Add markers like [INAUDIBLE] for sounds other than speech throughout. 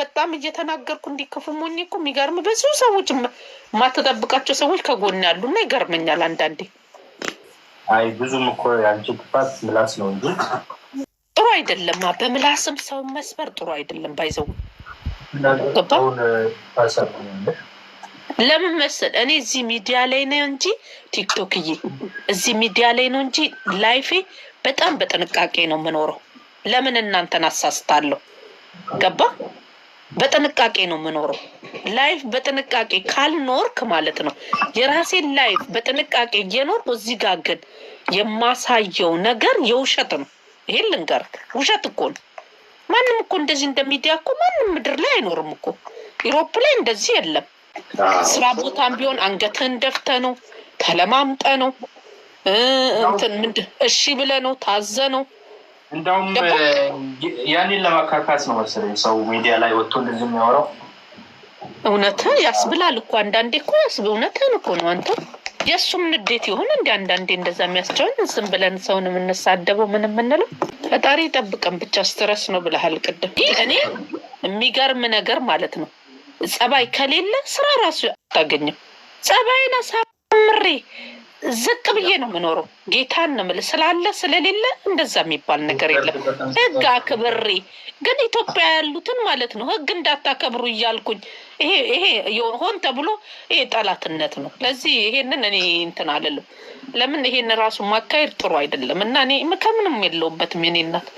በጣም እየተናገርኩ እንዲክፉ ሞኝ እኮ የሚገርም ብዙ ሰዎች የማትጠብቃቸው ሰዎች ከጎን ያሉ እና ይገርመኛል አንዳንዴ። አይ ብዙም እኮ የአንቺ ክፋት ምላስ ነው እንጂ ጥሩ አይደለም። በምላስም ሰው መስበር ጥሩ አይደለም። ባይዘው ለምን መሰል እኔ እዚህ ሚዲያ ላይ ነው እንጂ ቲክቶክዬ እዚህ ሚዲያ ላይ ነው እንጂ ላይፌ በጣም በጥንቃቄ ነው የምኖረው። ለምን እናንተን አሳስታለሁ? ገባ በጥንቃቄ ነው የምኖረው። ላይፍ በጥንቃቄ ካልኖርክ ማለት ነው የራሴን ላይፍ በጥንቃቄ እየኖርኩ እዚህ ጋር ግን የማሳየው ነገር የውሸት ነው። ይሄን ልንገርክ፣ ውሸት እኮ ነው። ማንም እኮ እንደዚህ እንደሚዲያ እኮ ማንም ምድር ላይ አይኖርም እኮ ኢሮፕ ላይ እንደዚህ የለም። ስራ ቦታም ቢሆን አንገትህን ደፍተ ነው ተለማምጠ ነው እንትን ምንድን እሺ ብለ ነው ታዘ ነው እንዳውም ያንን ለማካካስ ነው መሰለኝ ሰው ሚዲያ ላይ ወጥቶ እንደዚህ የሚያወራው። እውነት ያስብላል እኮ አንዳንዴ እኮ ያስብ እውነትን እኮ ነው አንተ የእሱም ንዴት ይሆን እንዲ አንዳንዴ እንደዛ የሚያስቸውን ዝም ብለን ሰውን የምንሳደበው ምን የምንለው ፈጣሪ ጠብቀን ብቻ ስትረስ ነው ብለሃል ቅድም። እኔ የሚገርም ነገር ማለት ነው ጸባይ ከሌለ ስራ ራሱ አታገኝም። ጸባይን አሳምሬ ዝቅ ብዬ ነው የምኖረው። ጌታን እንምል ስላለ ስለሌለ እንደዛ የሚባል ነገር የለም። ህግ አክብሬ ግን ኢትዮጵያ ያሉትን ማለት ነው ህግ እንዳታከብሩ እያልኩኝ ይሄ ይሄ ሆን ተብሎ ይሄ ጠላትነት ነው። ለዚህ ይሄንን እኔ እንትን አልልም። ለምን ይሄን ራሱ ማካሄድ ጥሩ አይደለም እና እኔ ከምንም የለውበትም። የኔ እናት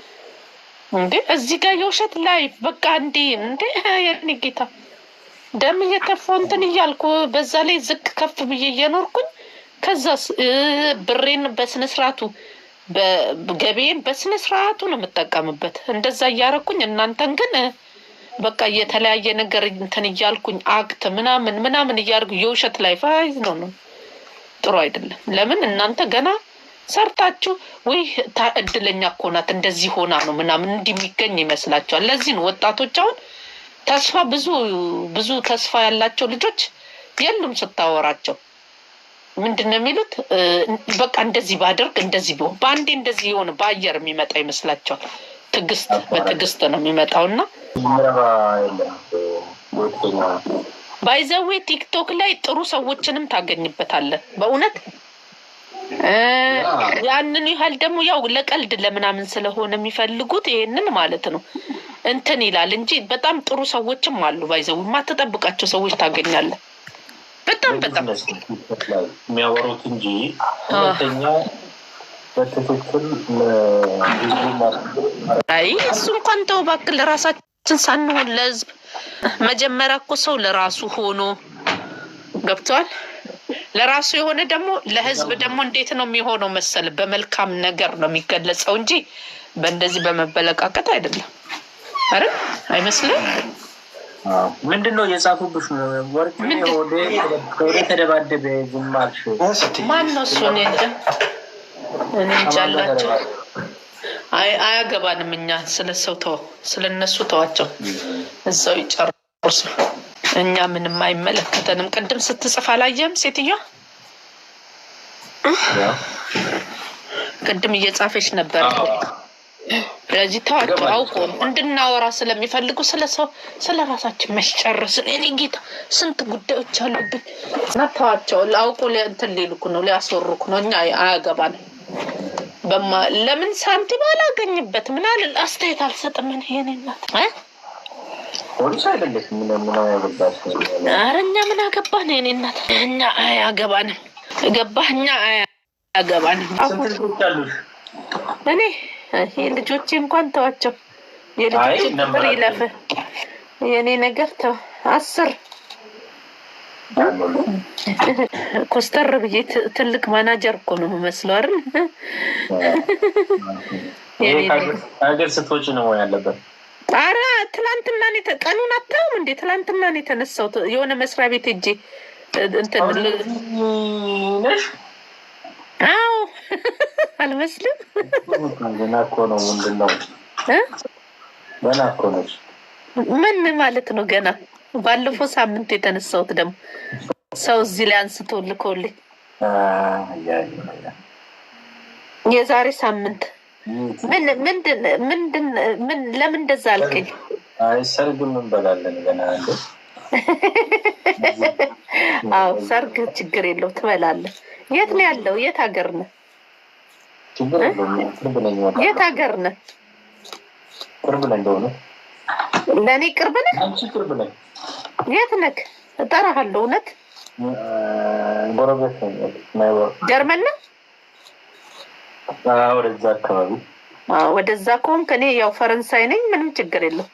እንዴ እዚህ ጋር የውሸት ላይ በቃ እንዴ እንዴ የኔ ጌታ ደም እየተፋው እንትን እያልኩ በዛ ላይ ዝቅ ከፍ ብዬ እየኖርኩኝ ከዛ ብሬን በስነስርዓቱ ገቤን በስነስርዓቱ ነው የምጠቀምበት። እንደዛ እያረኩኝ እናንተን ግን በቃ የተለያየ ነገር እንትን እያልኩኝ አክት ምናምን ምናምን እያደርጉ የውሸት ፋይዝ ነው ነው ጥሩ አይደለም። ለምን እናንተ ገና ሰርታችሁ ወይ እድለኛ እኮ ናት እንደዚህ ሆና ነው ምናምን እንዲሚገኝ ይመስላችኋል። ለዚህ ነው ወጣቶች አሁን ተስፋ ብዙ ብዙ ተስፋ ያላቸው ልጆች የሉም ስታወራቸው ምንድን ነው የሚሉት? በቃ እንደዚህ ባደርግ እንደዚህ ቢሆን በአንዴ እንደዚህ የሆነ በአየር የሚመጣ ይመስላቸዋል። ትዕግስት በትዕግስት ነው የሚመጣው እና ባይዘዌ ቲክቶክ ላይ ጥሩ ሰዎችንም ታገኝበታለን በእውነት ያንን ያህል ደግሞ ያው ለቀልድ ለምናምን ስለሆነ የሚፈልጉት ይሄንን ማለት ነው እንትን ይላል እንጂ በጣም ጥሩ ሰዎችም አሉ። ባይዘው የማትጠብቃቸው ሰዎች ታገኛለን። በጣም በጣም የሚያወሩት እንጂ ሁለተኛ በትክክል አይ እሱ እንኳን ተው እባክህ፣ ለራሳችን ሳንሆን ለህዝብ። መጀመሪያ እኮ ሰው ለራሱ ሆኖ ገብቷል። ለራሱ የሆነ ደግሞ ለህዝብ ደግሞ እንዴት ነው የሚሆነው መሰል በመልካም ነገር ነው የሚገለጸው እንጂ በእንደዚህ በመበለቃቀጥ አይደለም። አረ አይመስልም? ምንድን ነው የጻፉብሽ? ወርቅ ወደ ተደባደበ ግማሽ ማን ነው እሱ? እኔ እንጃ አላቸው። አያገባንም እኛ ስለ ሰው ተው፣ ስለ እነሱ ተዋቸው፣ እዛው ይጨርሱ። እኛ ምንም አይመለከተንም። ቅድም ስትጽፍ አላየህም? ሴትዮዋ ቅድም እየጻፈች ነበር። ስለዚህ ተዋቸው። አውቆ እንድናወራ ስለሚፈልጉ ስለ ሰው ስለ ራሳችን መስጨርስን እኔ ጌታ ስንት ጉዳዮች አሉብን እና ተዋቸው። አውቆ እንትን ሊልኩ ነው ሊያስወሩኩ ነው። እኛ አያገባን። በማ ለምን ሳንቲም አላገኝበት ምን አስተያየት አልሰጥም። ምን ይሄን ናት እኛ ምን አገባን? የእኔ እናት እኛ አያገባንም። ገባህ? እኛ አያገባንም። እኔ የልጆቼ እንኳን ተዋቸው። የልጆቼ ቁጥር ይለፍ። የእኔ ነገር ተው። አስር ኮስተር ብዬ ትልቅ ማናጀር እኮ ነው የምመስለው አይደል? ሀገር ስትወጪ ነው ያለበት። አረ ትላንትና ቀኑን አታውም እንዴ? ትላንትና ነው የተነሳሁት። የሆነ መስሪያ ቤት እጄ እንትን አዎ [LAUGHS] አልመስልም። ገና እኮ ነው። ምንድን ነው ገና እኮ ነች። ምን ማለት ነው ገና? ባለፈው ሳምንት የተነሳሁት ደግሞ ሰው እዚህ ላይ አንስቶ ልኮልኝ የዛሬ ሳምንት ምን ለምን እንደዛ አልከኝ? ሰርግ እንበላለን ገና አለ። [LAUGHS] አዎ ሰርግ ችግር የለው ትበላለህ። የት ነው ያለው? የት ሀገር ነው? የት ሀገር ነህ? ቅርብ ነህ? እንደሆነ ለእኔ ቅርብ ነህ? ቅርብ የት ነህ? እጠራሃለሁ። እውነት ጎረቤት ጀርመን ነህ? ወደዛ አካባቢ ወደዛ ከሆንክ እኔ ያው ፈረንሳይ ነኝ። ምንም ችግር የለውም።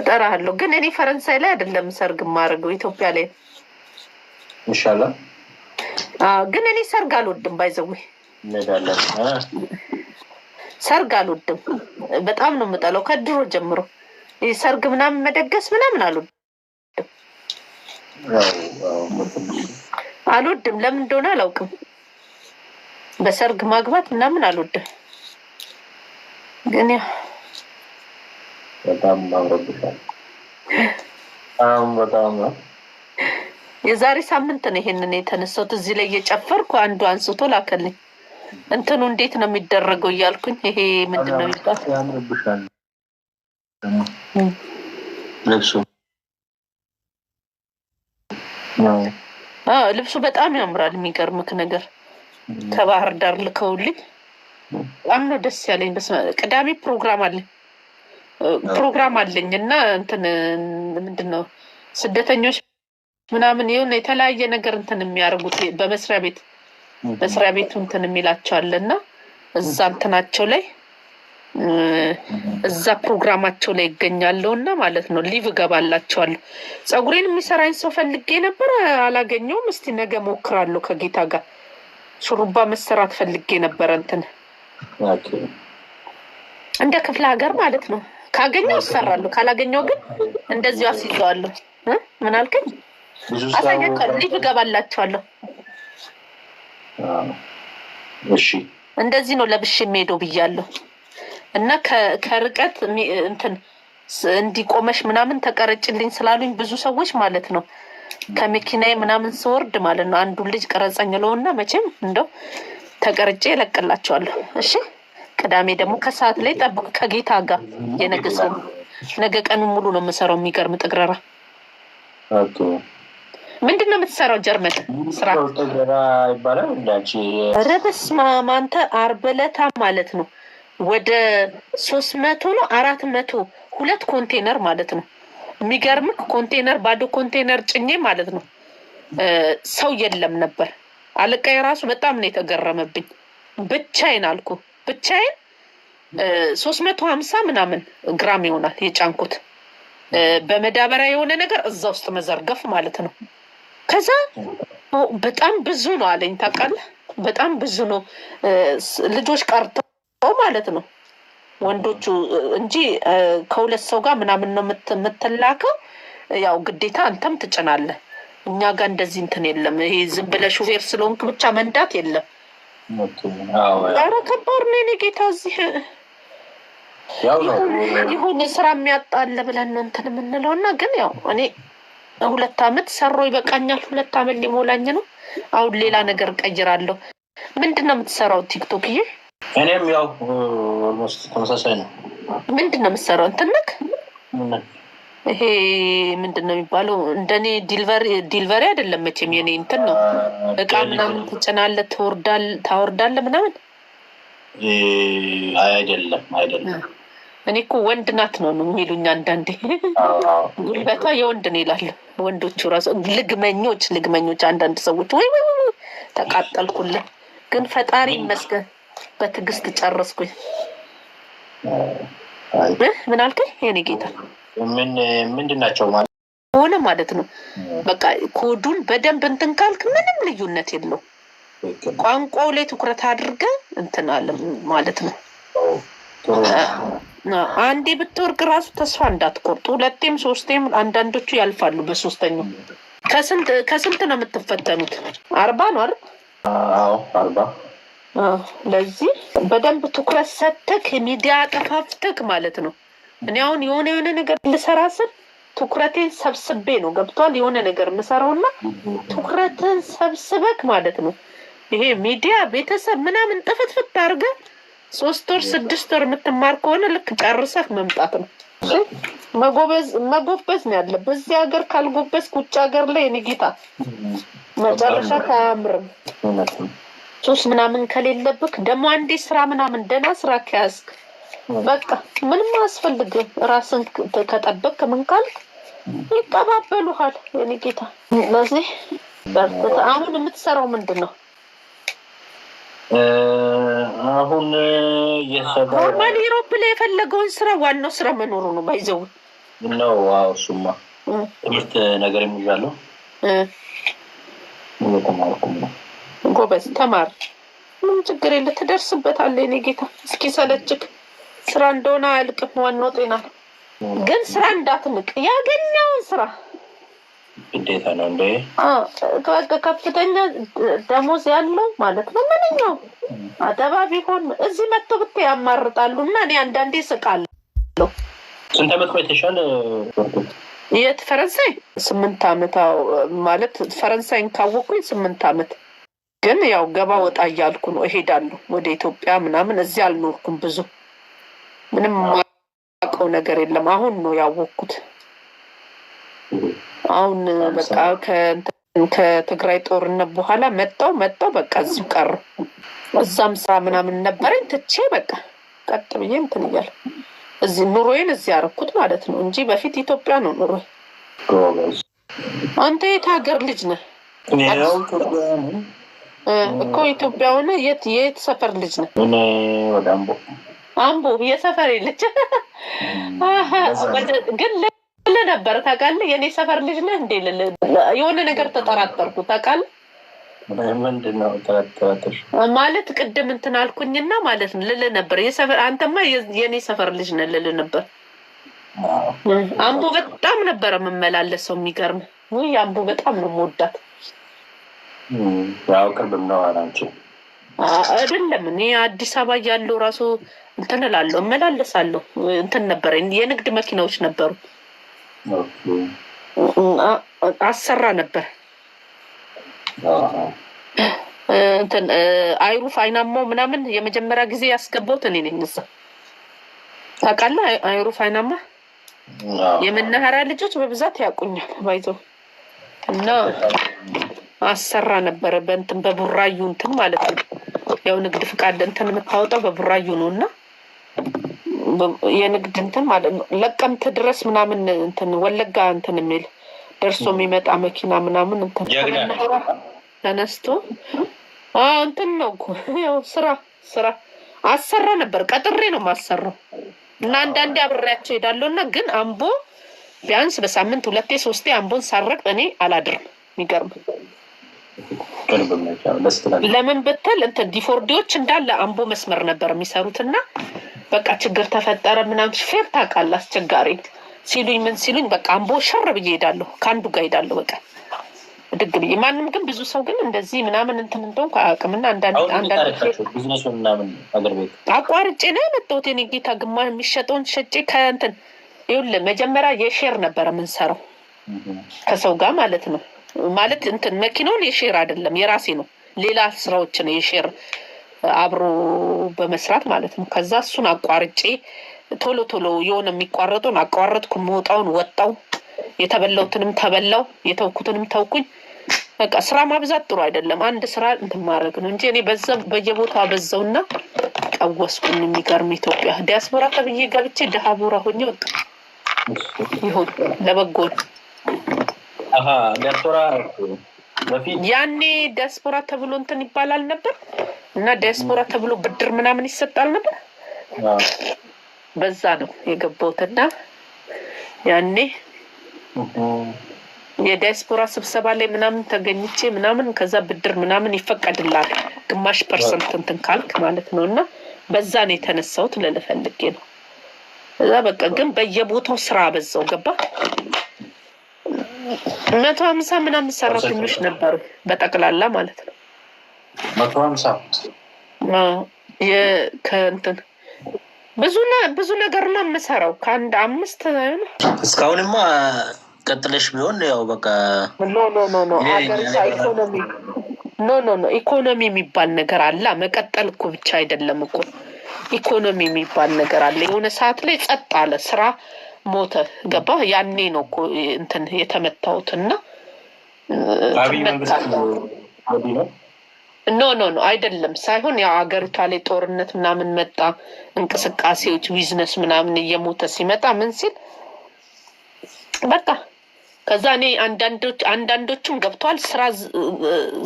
እጠራሃለሁ። ግን እኔ ፈረንሳይ ላይ አይደለም ሰርግ የማደርገው ኢትዮጵያ ላይ ይሻላል። ግን እኔ ሰርግ አልወድም ባይዘዌ እንሄዳለን። ሰርግ አልወድም፣ በጣም ነው የምጠለው ከድሮ ጀምሮ። ሰርግ ምናምን መደገስ ምናምን አልወድም አልወድም። ለምን እንደሆነ አላውቅም። በሰርግ ማግባት ምናምን አልወድም። ግን ያ በጣም አምሮብሻል። በጣም የዛሬ ሳምንት ነው ይሄንን የተነሳሁት። እዚህ ላይ እየጨፈርኩ አንዱ አንስቶ ላከልኝ። እንትኑ እንዴት ነው የሚደረገው እያልኩኝ ይሄ ምንድን ነው ልብሱ ልብሱ በጣም ያምራል። የሚገርምክ ነገር ከባህር ዳር ልከውልኝ በጣም ነው ደስ ያለኝ። ቅዳሜ ፕሮግራም አለኝ ፕሮግራም አለኝ እና እንትን ምንድን ነው ስደተኞች ምናምን የሆነ የተለያየ ነገር እንትን የሚያደርጉት በመስሪያ ቤት መስሪያ ቤቱ እንትን የሚላቸዋል እና እዛ እንትናቸው ላይ እዛ ፕሮግራማቸው ላይ ይገኛለሁ እና ማለት ነው። ሊቭ እገባላቸዋለሁ። ፀጉሬን የሚሰራኝ ሰው ፈልጌ ነበር አላገኘውም። እስቲ ነገ ሞክራለሁ ከጌታ ጋር ሹሩባ መሰራት ፈልጌ ነበረ እንትን እንደ ክፍለ ሀገር ማለት ነው። ካገኘው እሰራለሁ፣ ካላገኘው ግን እንደዚሁ አስይዘዋለሁ። ምን አልከኝ? አሳያቸዋለሁ፣ ሊቭ እገባላቸዋለሁ። እሺ እንደዚህ ነው ለብሽ የሚሄደው ብያለሁ። እና ከርቀት እንትን እንዲቆመሽ ምናምን ተቀረጭልኝ ስላሉኝ ብዙ ሰዎች ማለት ነው ከመኪናዬ ምናምን ስወርድ ማለት ነው አንዱን ልጅ ቀረጸኝ ለውና መቼም እንደው ተቀርጬ እለቅላቸዋለሁ። እሺ ቅዳሜ ደግሞ ከሰዓት ላይ ጠብቅ ከጌታ ጋር የነገ ሰው ነገ ቀኑን ሙሉ ነው የምሰራው። የሚገርም ጥግረራ ምንድን ነው የምትሰራው? ጀርመን ስራ ረበስ ኧረ አንተ ማለት ነው ወደ ሶስት መቶ ነው አራት መቶ ሁለት ኮንቴነር ማለት ነው። የሚገርምክ ኮንቴነር ባዶ ኮንቴነር ጭኜ ማለት ነው ሰው የለም ነበር። አለቃ ራሱ በጣም ነው የተገረመብኝ። ብቻዬን አልኩ ብቻዬን ሶስት መቶ ሀምሳ ምናምን ግራም ይሆናል የጫንኩት በመዳበሪያ የሆነ ነገር እዛ ውስጥ መዘርገፍ ማለት ነው። ከዛ በጣም ብዙ ነው አለኝ። ታውቃለህ፣ በጣም ብዙ ነው ልጆች ቀርተው ማለት ነው ወንዶቹ እንጂ ከሁለት ሰው ጋር ምናምን ነው የምትላከው። ያው ግዴታ አንተም ትጭናለህ። እኛ ጋር እንደዚህ እንትን የለም። ይሄ ዝም ብለህ ሹፌር ስለሆንክ ብቻ መንዳት የለም። ኧረ ከባድ ነው የእኔ ጌታ። እዚህ ይሁን ስራ የሚያጣለ ብለን ነው እንትን የምንለው እና ግን ያው እኔ ሁለት አመት ሰሮ ይበቃኛል። ሁለት አመት ሊሞላኝ ነው። አሁን ሌላ ነገር ቀይራለሁ። ምንድን ነው የምትሰራው? ቲክቶክ ይ እኔም ያው ኦልሞስት ተመሳሳይ ነው። ምንድን ነው የምትሰራው? እንትንክ ይሄ ምንድን ነው የሚባለው? እንደኔ ዲልቨሪ አይደለም መቼም የኔ እንትን ነው እቃ ምናምን ትጭናለ ታወርዳለ ምናምን። አይደለም አይደለም እኔ እኮ ወንድ ናት ነው ነው የሚሉኝ አንዳንዴ። ጉልበቷ የወንድ ነው ይላል። ወንዶቹ ራሱ ልግመኞች ልግመኞች አንዳንድ ሰዎች ወይ ወይ ወይ ተቃጠልኩልን። ግን ፈጣሪ ይመስገን በትዕግስት ጨረስኩኝ። ምን አልከኝ? የኔ ጌታ ምን ምንድን ናቸው ማለት ሆነ ማለት ነው። በቃ ኮዱን በደንብ እንትን ካልክ ምንም ልዩነት የለው። ቋንቋው ላይ ትኩረት አድርገ እንትን አለ ማለት ነው። አንዴ ብትወርቅ ራሱ ተስፋ እንዳትቆርጡ። ሁለቴም ሶስቴም፣ አንዳንዶቹ ያልፋሉ። በሶስተኛው ከስንት ነው የምትፈተኑት? አርባ ነው አይደል? አዎ አርባ። ለዚህ በደንብ ትኩረት ሰተክ ሚዲያ ጠፋፍተክ ማለት ነው። እኔ አሁን የሆነ የሆነ ነገር ልሰራ ስል ትኩረቴን ሰብስቤ ነው ገብቷል። የሆነ ነገር የምሰራውና ትኩረትን ሰብስበክ ማለት ነው። ይሄ ሚዲያ ቤተሰብ ምናምን ጥፍትፍት አድርገህ ሶስት ወር ስድስት ወር የምትማር ከሆነ ልክ ጨርሰህ መምጣት ነው። መጎበዝ መጎበዝ ነው ያለ። በዚህ ሀገር ካልጎበዝ ውጭ ሀገር ላይ እኔ ጌታ መጨረሻ አያምርም። ሶስት ምናምን ከሌለብክ ደግሞ አንዴ ስራ ምናምን ደህና ስራ ከያዝክ በቃ ምንም አያስፈልግም። ራስን ከጠበቅ ምን ካልክ ይቀባበሉሃል። እኔ ጌታ አሁን የምትሰራው ምንድን ነው? አሁን የሰራ ኖርማል ሮፕ ላይ የፈለገውን ስራ ዋናው ስራ መኖሩ ነው። ባይዘው ነው። አዎ እሱማ ትምህርት ነገር የሚዛለው ጎበዝ ተማር፣ ምን ችግር የለ፣ ትደርስበታለህ። የእኔ ጌታ እስኪ ሰለችክ ስራ እንደሆነ አያልቅም። ዋናው ጤና ግን ስራ እንዳትንቅ፣ ያገኘውን ስራ ግዴታ ነው እንደ ከፍተኛ ደሞዝ ያለው ማለት ነው። ምንኛው አደባ ቢሆን እዚህ መጥቶ ብት ያማርጣሉ እና እኔ አንዳንዴ ስቃለሁ። ስንት ዓመት ቆይተሻል? የት ፈረንሳይ? ስምንት ዓመት ማለት ፈረንሳይን ካወቅኩኝ ስምንት ዓመት ግን ያው ገባ ወጣ እያልኩ ነው እሄዳለሁ ወደ ኢትዮጵያ ምናምን። እዚህ አልኖርኩም ብዙ ምንም ማቀው ነገር የለም። አሁን ነው ያወቅኩት። አሁን በቃ ከትግራይ ጦርነት በኋላ መጣው መጣው በቃ እዚሁ ቀሩ። እዛም ስራ ምናምን ነበረኝ ትቼ በቃ ቀጥ ብዬ እንትን እያለ እዚህ ኑሮዬን እዚህ ያረኩት ማለት ነው እንጂ በፊት ኢትዮጵያ ነው ኑሮ። አንተ የት ሀገር ልጅ ነህ እኮ? ኢትዮጵያ ሆነ የት የት ሰፈር ልጅ ነህ? አምቦ የሰፈሬ ልጅ ግን ነበር ታውቃለህ። የእኔ ሰፈር ልጅ ነህ እንዴ ልል የሆነ ነገር ተጠራጠርኩ ታውቃለህ። ምንድን ነው ተጠራጠርሽ? ማለት ቅድም እንትን አልኩኝና ማለት ነው ልል ነበር የሰፈር አንተማ የእኔ ሰፈር ልጅ ነህ ልል ነበር። አምቦ በጣም ነበረ የምመላለሰው። የሚገርም ውይ አምቦ በጣም ነው የምወዳት። ያው ነው አይደለም እኔ አዲስ አበባ እያለሁ ራሱ እንትን እላለሁ እመላለሳለሁ። እንትን ነበረ የንግድ መኪናዎች ነበሩ። አሰራ ነበር። እንትን አይሩ ፋይናሞ ምናምን የመጀመሪያ ጊዜ ያስገባሁት እኔ ነኝ። እዛ ታውቃለህ፣ አይሩ ፋይናማ የመናኸሪያ ልጆች በብዛት ያውቁኛል። ባይዞ እና አሰራ ነበረ በእንትን በቡራዩ እንትን ማለት ነው። ያው ንግድ ፍቃድ እንትን የምታወጣው በቡራዩ ነው እና የንግድ እንትን ማለት ነው። ለቀምት ድረስ ምናምን እንትን ወለጋ እንትን የሚል ደርሶ የሚመጣ መኪና ምናምን እንትን ተነስቶ እንትን ነው ያው ስራ ስራ አሰራ ነበር። ቀጥሬ ነው ማሰራው? እና አንዳንዴ አብሬያቸው ሄዳለሁ እና ግን አምቦ ቢያንስ በሳምንት ሁለቴ ሶስቴ አምቦን ሳረቅ እኔ አላድርም። የሚገርም ለምን ብትል እንትን ዲፎርዲዎች እንዳለ አምቦ መስመር ነበር የሚሰሩት እና በቃ ችግር ተፈጠረ ምናምን ፌር ታውቃለህ፣ አስቸጋሪ ሲሉኝ ምን ሲሉኝ በቃ አምቦ ሸር ብዬ ሄዳለሁ፣ ከአንዱ ጋር ሄዳለሁ። በቃ ድግ ብዬ ማንም ግን ብዙ ሰው ግን እንደዚህ ምናምን እንትን እንደሆንኩ አያውቅምና አቋርጬ ነው የመጣሁት። የእኔ ጌታ ግማ የሚሸጠውን ሸጬ ከእንትን ይኸውልህ፣ መጀመሪያ የሼር ነበረ የምንሰራው ከሰው ጋር ማለት ነው። ማለት እንትን መኪናውን የሼር አይደለም የራሴ ነው። ሌላ ስራዎች ነው የሼር አብሮ በመስራት ማለት ነው። ከዛ እሱን አቋርጬ ቶሎ ቶሎ የሆነ የሚቋረጡን አቋረጥኩ፣ መውጣውን ወጣው፣ የተበላሁትንም ተበላው፣ የተውኩትንም ተውኩኝ። በቃ ስራ ማብዛት ጥሩ አይደለም። አንድ ስራ እንትን ማድረግ ነው እንጂ እኔ በዛ በየቦታ በዛውና ቀወስኩን። የሚገርም ኢትዮጵያ ዲያስፖራ ተብዬ ገብቼ ድሃ ቦራ ሆኜ ወጣ ይሁን ለበጎ ዲያስፖራ ያኔ ዲያስፖራ ተብሎ እንትን ይባላል ነበር እና ዲያስፖራ ተብሎ ብድር ምናምን ይሰጣል ነበር። በዛ ነው እና ያኔ የዲያስፖራ ስብሰባ ላይ ምናምን ተገኝቼ ምናምን ከዛ ብድር ምናምን ይፈቀድላል ግማሽ ፐርሰንት እንትን ካልክ ማለት ነው። እና በዛ ነው የተነሳሁት ልልፈልጌ ነው። እዛ በቃ ግን በየቦታው ስራ በዛው ገባ መቶ ሀምሳ ምናምን ሰራተኞች ነበሩ በጠቅላላ ማለት ነው። መቶ ሀምሳ ከእንትን ብዙ ነገር ነው የምሰራው ከአንድ አምስት እስካሁንማ ቀጥለሽ ቢሆን ያው በቃ ኖ ኖ ኖ ኢኮኖሚ የሚባል ነገር አለ። መቀጠል እኮ ብቻ አይደለም እኮ ኢኮኖሚ የሚባል ነገር አለ። የሆነ ሰዓት ላይ ጸጥ አለ ስራ ሞተ። ገባ ያኔ ነው እኮ እንትን የተመታሁት እና ኖ ኖ ኖ አይደለም ሳይሆን ያው ሀገሪቷ ላይ ጦርነት ምናምን መጣ፣ እንቅስቃሴዎች፣ ቢዝነስ ምናምን እየሞተ ሲመጣ ምን ሲል በቃ ከዛ እኔ አንዳንዶች አንዳንዶቹም ገብተዋል። ስራ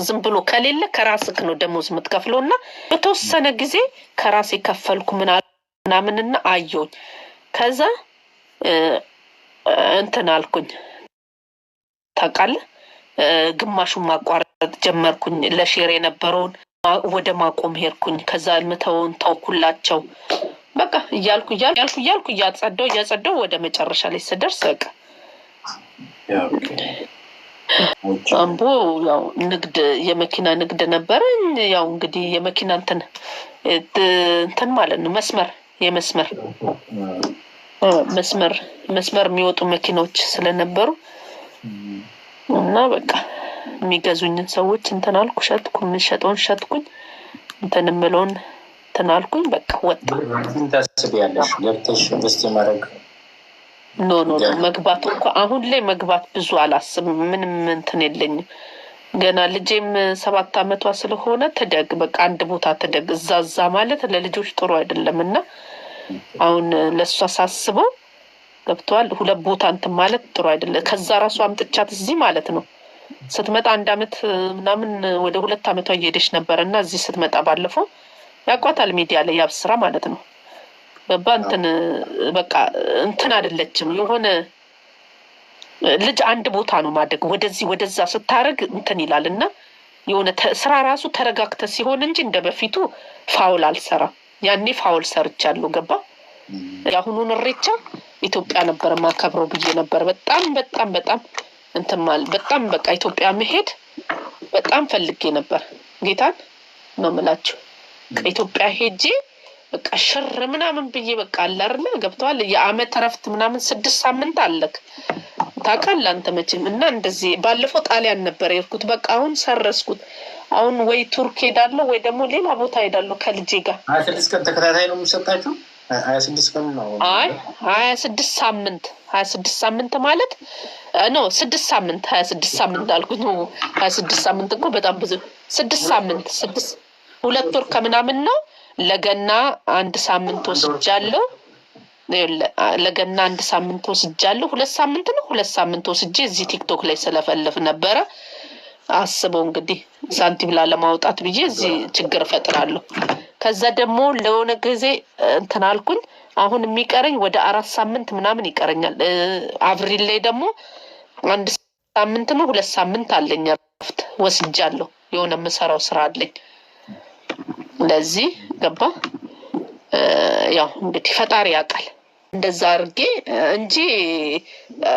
ዝም ብሎ ከሌለ ከራስክ ነው ደሞዝ የምትከፍለው እና በተወሰነ ጊዜ ከራስ የከፈልኩ ምናምንና አየውኝ ከዛ እንትን አልኩኝ ታውቃለህ፣ ግማሹን ማቋረጥ ጀመርኩኝ። ለሼር የነበረውን ወደ ማቆም ሄድኩኝ። ከዛ ምተውን ተውኩላቸው። በቃ እያልኩ እያልኩ እያልኩ እያጸደው እያጸደው ወደ መጨረሻ ላይ ስደርስ በቃ አምቦ ያው ንግድ የመኪና ንግድ ነበረኝ። ያው እንግዲህ የመኪና እንትን እንትን ማለት ነው መስመር የመስመር መስመር መስመር የሚወጡ መኪናዎች ስለነበሩ እና በቃ የሚገዙኝን ሰዎች እንትን አልኩ፣ ሸጥኩ። የምንሸጠውን ሸጥኩኝ። እንትን የምለውን እንትን አልኩኝ። በቃ ወጣ። ኖ ኖ መግባት እንኳ አሁን ላይ መግባት ብዙ አላስብም። ምንም እንትን የለኝም። ገና ልጄም ሰባት ዓመቷ ስለሆነ ትደግ በቃ አንድ ቦታ ትደግ እዛ እዛ ማለት ለልጆች ጥሩ አይደለም እና አሁን ለእሷ ሳስበው ገብተዋል። ሁለት ቦታ እንትን ማለት ጥሩ አይደለም። ከዛ ራሱ አምጥቻት እዚህ ማለት ነው ስትመጣ አንድ አመት ምናምን ወደ ሁለት አመቷ እየሄደች ነበረ እና እዚህ ስትመጣ ባለፈው ያቋታል ሚዲያ ላይ ያብ ስራ ማለት ነው ገባ እንትን በቃ እንትን አይደለችም። የሆነ ልጅ አንድ ቦታ ነው ማደግ ወደዚህ ወደዛ ስታደርግ እንትን ይላል እና የሆነ ስራ ራሱ ተረጋግተ ሲሆን እንጂ እንደ በፊቱ ፋውል አልሰራም። ያኔ ፋውል ሰርቻለሁ። ገባ የአሁኑን እሬቻ ኢትዮጵያ ነበር ማከብረው ብዬ ነበር። በጣም በጣም በጣም እንትማል በጣም በቃ ኢትዮጵያ መሄድ በጣም ፈልጌ ነበር። ጌታን ነው የምላችሁ ከኢትዮጵያ ሄጄ በቃ ሽር ምናምን ብዬ በቃ አላርለ ገብተዋል። የአመት እረፍት ምናምን ስድስት ሳምንት አለክ ታውቃለህ አንተ መቼም እና እንደዚህ ባለፈው ጣሊያን ነበር የሄድኩት። በቃ አሁን ሰረስኩት አሁን ወይ ቱርክ ሄዳለሁ ወይ ደግሞ ሌላ ቦታ ሄዳለሁ ከልጄ ጋር። ሀያ ስድስት ቀን ተከታታይ ነው የሚሰጣችሁ? ሀያ ስድስት ቀን ነው። አይ ሀያ ስድስት ሳምንት ሀያ ስድስት ሳምንት ማለት ኖ ስድስት ሳምንት ሀያ ስድስት ሳምንት አልኩት። ሀያ ስድስት ሳምንት እኮ በጣም ብዙ። ስድስት ሳምንት ስድስት ሁለት ወር ከምናምን ነው። ለገና አንድ ሳምንት ወስጃለሁ። ለገና አንድ ሳምንት ወስጃለሁ። ሁለት ሳምንት ነው። ሁለት ሳምንት ወስጄ እዚህ ቲክቶክ ላይ ስለፈለፍ ነበረ አስበው እንግዲህ ሳንቲም ላለማውጣት ብዬ እዚህ ችግር እፈጥራለሁ። ከዛ ደግሞ ለሆነ ጊዜ እንትን አልኩኝ። አሁን የሚቀረኝ ወደ አራት ሳምንት ምናምን ይቀረኛል። አብሪል ላይ ደግሞ አንድ ሳምንት ነው ሁለት ሳምንት አለኝ ረፍት ወስጃለሁ። የሆነ የምሰራው ስራ አለኝ። ለዚህ ገባ ያው እንግዲህ ፈጣሪ ያውቃል። እንደዛ አድርጌ እንጂ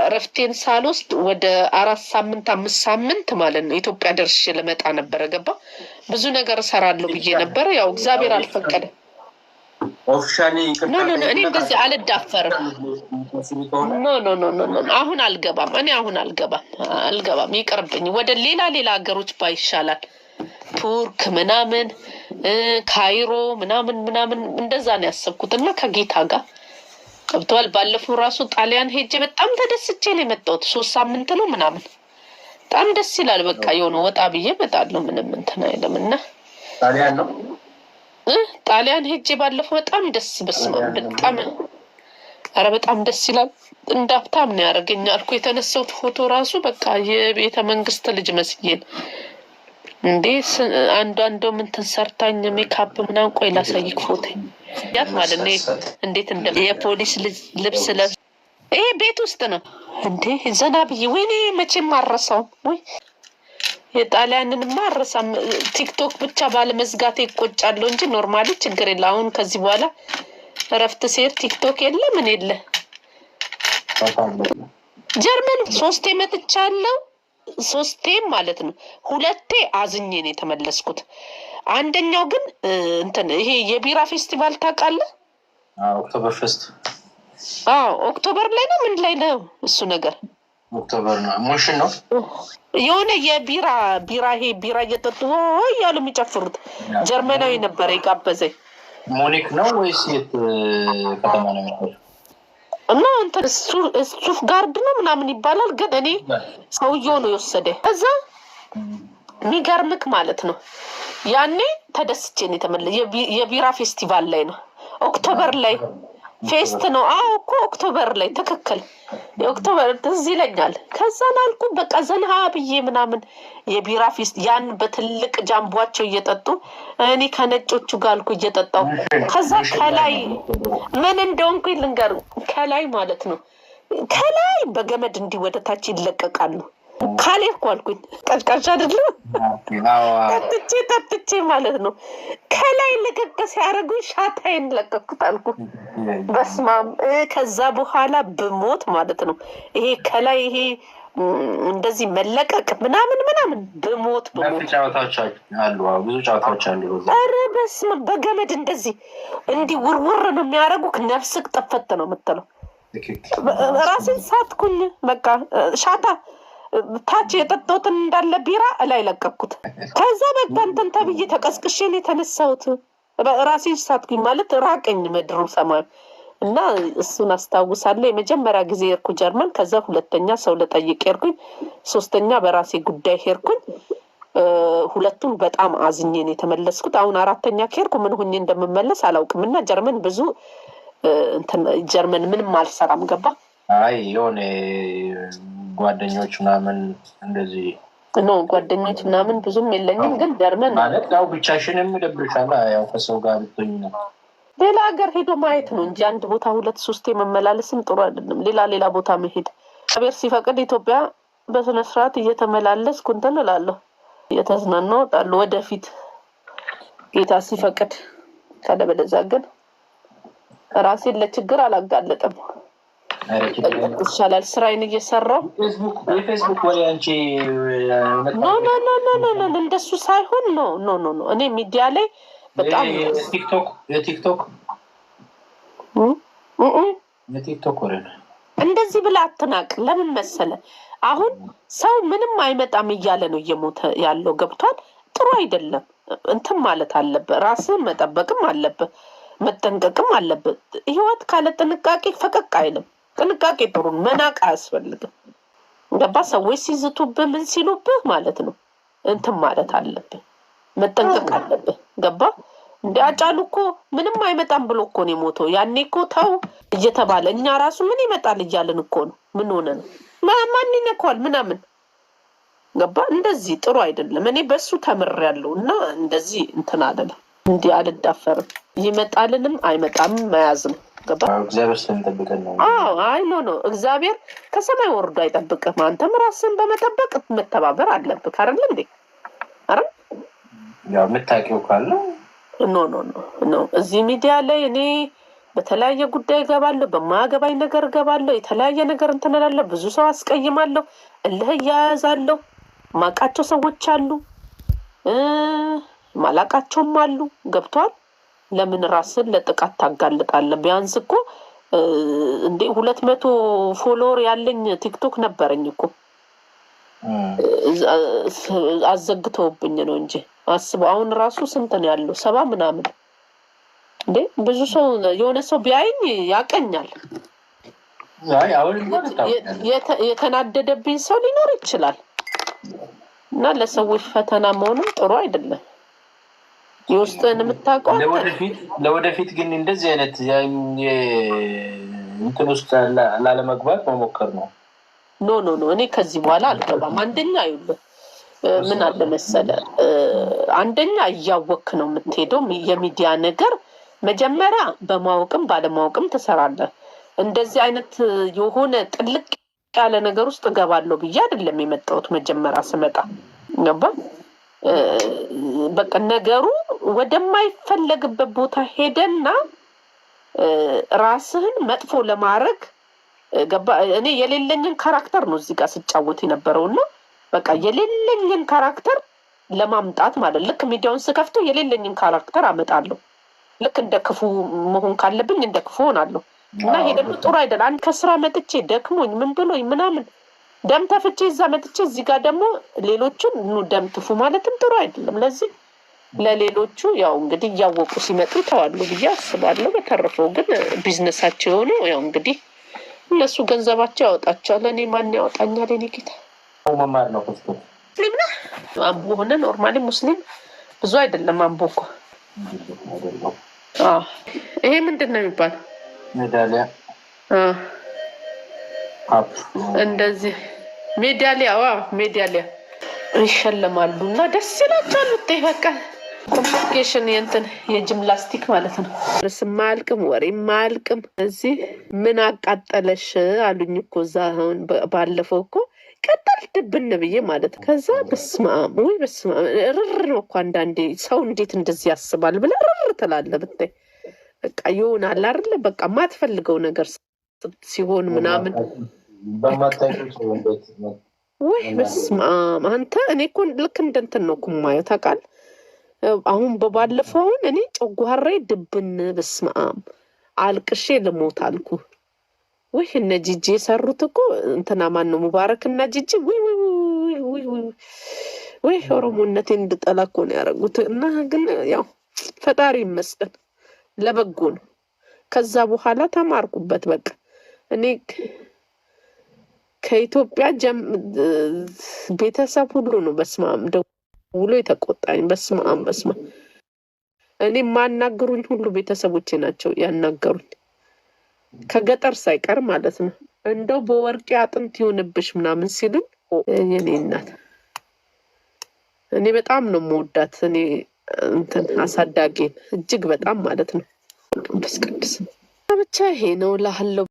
እረፍቴን ሳልወስድ ወደ አራት ሳምንት አምስት ሳምንት ማለት ነው ኢትዮጵያ ደርሼ ልመጣ ነበረ። ገባ ብዙ ነገር እሰራለሁ ብዬ ነበረ። ያው እግዚአብሔር አልፈቀደ። እኔ እንደዚህ አልዳፈርም። አሁን አልገባም። እኔ አሁን አልገባም አልገባም፣ ይቅርብኝ። ወደ ሌላ ሌላ ሀገሮች ባይሻላል ቱርክ ምናምን፣ ካይሮ ምናምን ምናምን እንደዛ ነው ያሰብኩት እና ከጌታ ጋር ገብተዋል። ባለፈው ራሱ ጣሊያን ሄጄ በጣም ተደስቼ ነው የመጣሁት። ሶስት ሳምንት ነው ምናምን በጣም ደስ ይላል። በቃ የሆነ ወጣ ብዬ እመጣለሁ። ምንም እንትን አይልም እና ጣሊያን ነው ጣሊያን ሄጄ ባለፈው በጣም ደስ በስማ በጣም አረ በጣም ደስ ይላል። እንዳፍታም ነው ያደረገኝ አልኩ። የተነሳሁት ፎቶ ራሱ በቃ የቤተ መንግስት ልጅ መስዬን እንዴ አንዷ እንደውም እንትን ሰርታኝ ሜካፕ ምናምን ቆይ ላሳይክ ያት ማለት ነው። እንዴት የፖሊስ ልብስ ለብስ ይሄ ቤት ውስጥ ነው እንዴ? ዘና ብዬ ወይኔ መቼም አረሳውም። ወይ የጣሊያንን ማረሳም። ቲክቶክ ብቻ ባለመዝጋቴ ይቆጫለሁ እንጂ ኖርማሊ ችግር የለ። አሁን ከዚህ በኋላ እረፍት ሴር ቲክቶክ የለ ምን የለ። ጀርመን ሶስቴ መጥቻለሁ። ሶስቴም ማለት ነው ሁለቴ አዝኜ ነው የተመለስኩት። አንደኛው ግን እንትን ይሄ የቢራ ፌስቲቫል ታውቃለህ? ኦክቶበር ፌስት። አዎ ኦክቶበር ላይ ነው ምን ላይ ነው እሱ ነገር? ኦክቶበር ነው ሞሽን ነው የሆነ የቢራ ቢራ ይሄ ቢራ እየጠጡ እያሉ የሚጨፍሩት ጀርመናዊ ነበረ የጋበዘኝ። ሙኒክ ነው ወይስ የት ከተማ ነው የሚባለው? እና እንትን ሱፍ ጋርድ ነው ምናምን ይባላል። ግን እኔ ሰውየው ነው የወሰደ። እዛ ሚገርምክ ማለት ነው ያኔ ተደስቼን የተመለ የቢራ ፌስቲቫል ላይ ነው ኦክቶበር ላይ ፌስት ነው። አዎ እኮ ኦክቶበር ላይ ትክክል፣ የኦክቶበር ትዝ ይለኛል። ከዛን አልኩ በቃ ዘንሃ ብዬ ምናምን የቢራ ፌስት ያን በትልቅ ጃምቧቸው እየጠጡ እኔ ከነጮቹ ጋር አልኩ እየጠጣው። ከዛ ከላይ ምን እንደሆንኩ ልንገር፣ ከላይ ማለት ነው ከላይ በገመድ እንዲህ ወደታች ይለቀቃሉ። ካሌ እኮ አልኩኝ። ቀዥቃዥ አደለ ጠጥቼ ጠጥቼ ማለት ነው። ከላይ ልቅቅ ሲያደርጉኝ ሻታይን ለቀኩት አልኩ። በስማም ከዛ በኋላ ብሞት ማለት ነው። ይሄ ከላይ ይሄ እንደዚህ መለቀቅ ምናምን ምናምን ብሞት ብሞት ብዙ ጨዋታዎች አሉ። ኧረ በስመ አብ በገመድ እንደዚህ እንዲህ ውርውር ነው የሚያደርጉት። ነፍስህ ጠፈት ነው የምትለው። ራሴን ሳትኩኝ በቃ ሻታ ታች የጠጦትን እንዳለ ቢራ እላይ ለቀኩት። ከዛ በቃ እንትን ተብዬ ተቀስቅሼን የተነሳሁት ራሴን ሳትኩኝ ማለት ራቀኝ ምድሩ ሰማዩ እና እሱን አስታውሳለሁ። የመጀመሪያ ጊዜ ሄድኩ ጀርመን። ከዛ ሁለተኛ ሰው ለጠይቅ ሄድኩኝ። ሶስተኛ በራሴ ጉዳይ ሄድኩኝ። ሁለቱም በጣም አዝኜን የተመለስኩት። አሁን አራተኛ ከሄድኩ ምን ሁኜ እንደምመለስ አላውቅም። እና ጀርመን ብዙ ጀርመን ምንም አልሰራም ገባ አይ የሆነ ጓደኞች ምናምን እንደዚህ ኖ ጓደኞች ምናምን ብዙም የለኝም፣ ግን ደርመን ማለት ያው ብቻሽን የሚደብርሻል። ያው ከሰው ጋር ብትሆኝ ነው ሌላ ሀገር ሄዶ ማየት ነው እንጂ አንድ ቦታ ሁለት ሶስቴ መመላለስም ጥሩ አይደለም። ሌላ ሌላ ቦታ መሄድ እግዚአብሔር ሲፈቅድ ኢትዮጵያ በስነስርዓት እየተመላለስ ኩንትን እላለሁ፣ እየተዝናና እወጣለሁ ወደፊት ጌታ ሲፈቅድ። ካለበለዚያ ግን ራሴን ለችግር አላጋለጥም። ይሻላል። ስራዬን እየሰራሁ የፌስቡክ ወሬ አንቺ ኖ ኖ ኖ ኖ ኖ እንደሱ ሳይሆን ኖ ኖ ኖ ኖ እኔ ሚዲያ ላይ በጣም ቲክቶክ የቲክቶክ የቲክቶክ ወሬ ነው። እንደዚህ ብለህ አትናቅ። ለምን መሰለ አሁን ሰው ምንም አይመጣም እያለ ነው እየሞተ ያለው ገብቷል። ጥሩ አይደለም። እንትን ማለት አለብህ፣ ራስህን መጠበቅም አለብህ፣ መጠንቀቅም አለብህ። ህይወት ካለ ጥንቃቄ ፈቀቅ አይልም። ጥንቃቄ ጥሩን መናቅ አያስፈልግም። ገባ ሰዎች ሲዝቱብህ ምን ሲሉብህ ማለት ነው እንትን ማለት አለብህ፣ መጠንቀቅ አለብህ። ገባ እንደ አጫሉ እኮ ምንም አይመጣም ብሎ እኮ ነው የሞተው። ያኔ እኮ ተው እየተባለ እኛ ራሱ ምን ይመጣል እያልን እኮ ነው። ምን ሆነ ነው ማን ይነካዋል ምናምን ገባ። እንደዚህ ጥሩ አይደለም። እኔ በሱ ያለው እና እንደዚህ እንትን አለለ እንዲህ አልዳፈርም። ይመጣልንም አይመጣም መያዝ ነው። እግዚአብሔር ስለሚጠብቀን ነው። አይ ኖ ኖ እግዚአብሔር ከሰማይ ወርዶ አይጠብቅም። አንተም ራስን በመጠበቅ መተባበር አለብህ አይደል እንዴ? አረ የምታውቂው ካለ ኖ ኖ ኖ ኖ እዚህ ሚዲያ ላይ እኔ በተለያየ ጉዳይ እገባለሁ፣ በማያገባኝ ነገር እገባለሁ፣ የተለያየ ነገር እንትን እላለሁ፣ ብዙ ሰው አስቀይማለሁ፣ እልህ እያያዛለሁ። ማቃቸው ሰዎች አሉ፣ ማላቃቸውም አሉ። ገብተዋል ለምን ራስን ለጥቃት ታጋልጣለን? ቢያንስ እኮ እንዴ ሁለት መቶ ፎሎወር ያለኝ ቲክቶክ ነበረኝ እኮ አዘግተውብኝ ነው እንጂ አስበው። አሁን ራሱ ስንት ነው ያለው? ሰባ ምናምን እንዴ ብዙ ሰው የሆነ ሰው ቢያይኝ ያቀኛል። የተናደደብኝ ሰው ሊኖር ይችላል እና ለሰዎች ፈተና መሆኑም ጥሩ አይደለም። የውስጥን የምታውቀው ለወደፊት ግን እንደዚህ አይነት እንትን ውስጥ ላለመግባት መሞከር ነው። ኖ ኖ ኖ እኔ ከዚህ በኋላ አልገባም። አንደኛ ምን አለ አንደኛ እያወክ ነው የምትሄደው። የሚዲያ ነገር መጀመሪያ በማወቅም ባለማወቅም ትሰራለህ። እንደዚህ አይነት የሆነ ጥልቅ ያለ ነገር ውስጥ እገባለሁ ብዬ አይደለም የመጣሁት። መጀመሪያ ስመጣ ገባ በቃ ነገሩ ወደማይፈለግበት ቦታ ሄደና ራስህን መጥፎ ለማድረግ ገባ። እኔ የሌለኝን ካራክተር ነው እዚህ ጋር ስጫወት የነበረው በቃ የሌለኝን ካራክተር ለማምጣት ማለት ልክ ሚዲያውን ስከፍተው የሌለኝን ካራክተር አመጣለሁ። ልክ እንደ ክፉ መሆን ካለብኝ እንደ ክፉ ሆናለሁ። እና ይሄ ደግሞ ጥሩ አይደል። አንድ ከስራ መጥቼ ደክሞኝ ምን ብሎኝ ምናምን ደም ተፍቼ እዛ መጥቼ እዚህ ጋር ደግሞ ሌሎቹ ኑ ደም ትፉ ማለትም ጥሩ አይደለም። ለዚህ ለሌሎቹ ያው እንግዲህ እያወቁ ሲመጡ ተዋሉ ብዬ አስባለሁ። በተረፈው ግን ቢዝነሳቸው የሆኑ ያው እንግዲህ እነሱ ገንዘባቸው ያወጣቸዋል። እኔ ማን ያወጣኛል? ኔ ጌታ መማር ነው ሙስሊም አምቦ ሆነ ኖርማሊ ሙስሊም ብዙ አይደለም አምቦ እኮ ይሄ ምንድን ነው የሚባለው? ሜዳሊያ እንደዚህ ሜዳሊያ ዋ ሜዳሊያ ይሸለማሉ እና ደስ ይላቸዋል። ውጤ በቃ ኮምፕሊኬሽን የንትን የጂምናስቲክ ማለት ነው። ርስ ማልቅም ወሬ ማልቅም እዚህ ምን አቃጠለሽ አሉኝ እኮ እዛ አሁን ባለፈው እኮ ቀጠል ድብን ብዬ ማለት ነው። ከዛ በስማም ወይ በስማም ርር ነው እኮ አንዳንዴ ሰው እንዴት እንደዚህ ያስባል ብለ ርር ትላለ ብታይ በቃ ይሆናል አይደለ? በቃ የማትፈልገው ነገር ሲሆን ምናምን ውይ በስመ አብ አንተ። እኔ እኮ ልክ እንደንትን ነው እኮ የማየው አሁን በባለፈውን እኔ ጨጓሬ ድብን በስመ አብ አልቅሼ ልሞት አልኩ። ውይ እነ ጂጂ የሰሩት እኮ እንትና ማን ነው ሙባረክ እና ጂጂ ወይ ወይ ኦሮሞነቴ እንድጠላ እኮ ነው ያደረጉት። እና ግን ያው ፈጣሪ ይመስገን ለበጎ ነው። ከዛ በኋላ ተማርኩበት በቃ እኔ ከኢትዮጵያ ቤተሰብ ሁሉ ነው። በስማም ደውሎ የተቆጣኝ በስማም በስማ እኔ የማናገሩኝ ሁሉ ቤተሰቦቼ ናቸው ያናገሩኝ፣ ከገጠር ሳይቀር ማለት ነው። እንደው በወርቄ አጥንት ይሆንብሽ ምናምን ሲሉኝ የኔ እናት እኔ በጣም ነው መወዳት እኔ እንትን አሳዳጌን እጅግ በጣም ማለት ነው ቅዱስ ቅዱስ ብቻ ይሄ ነው ላለው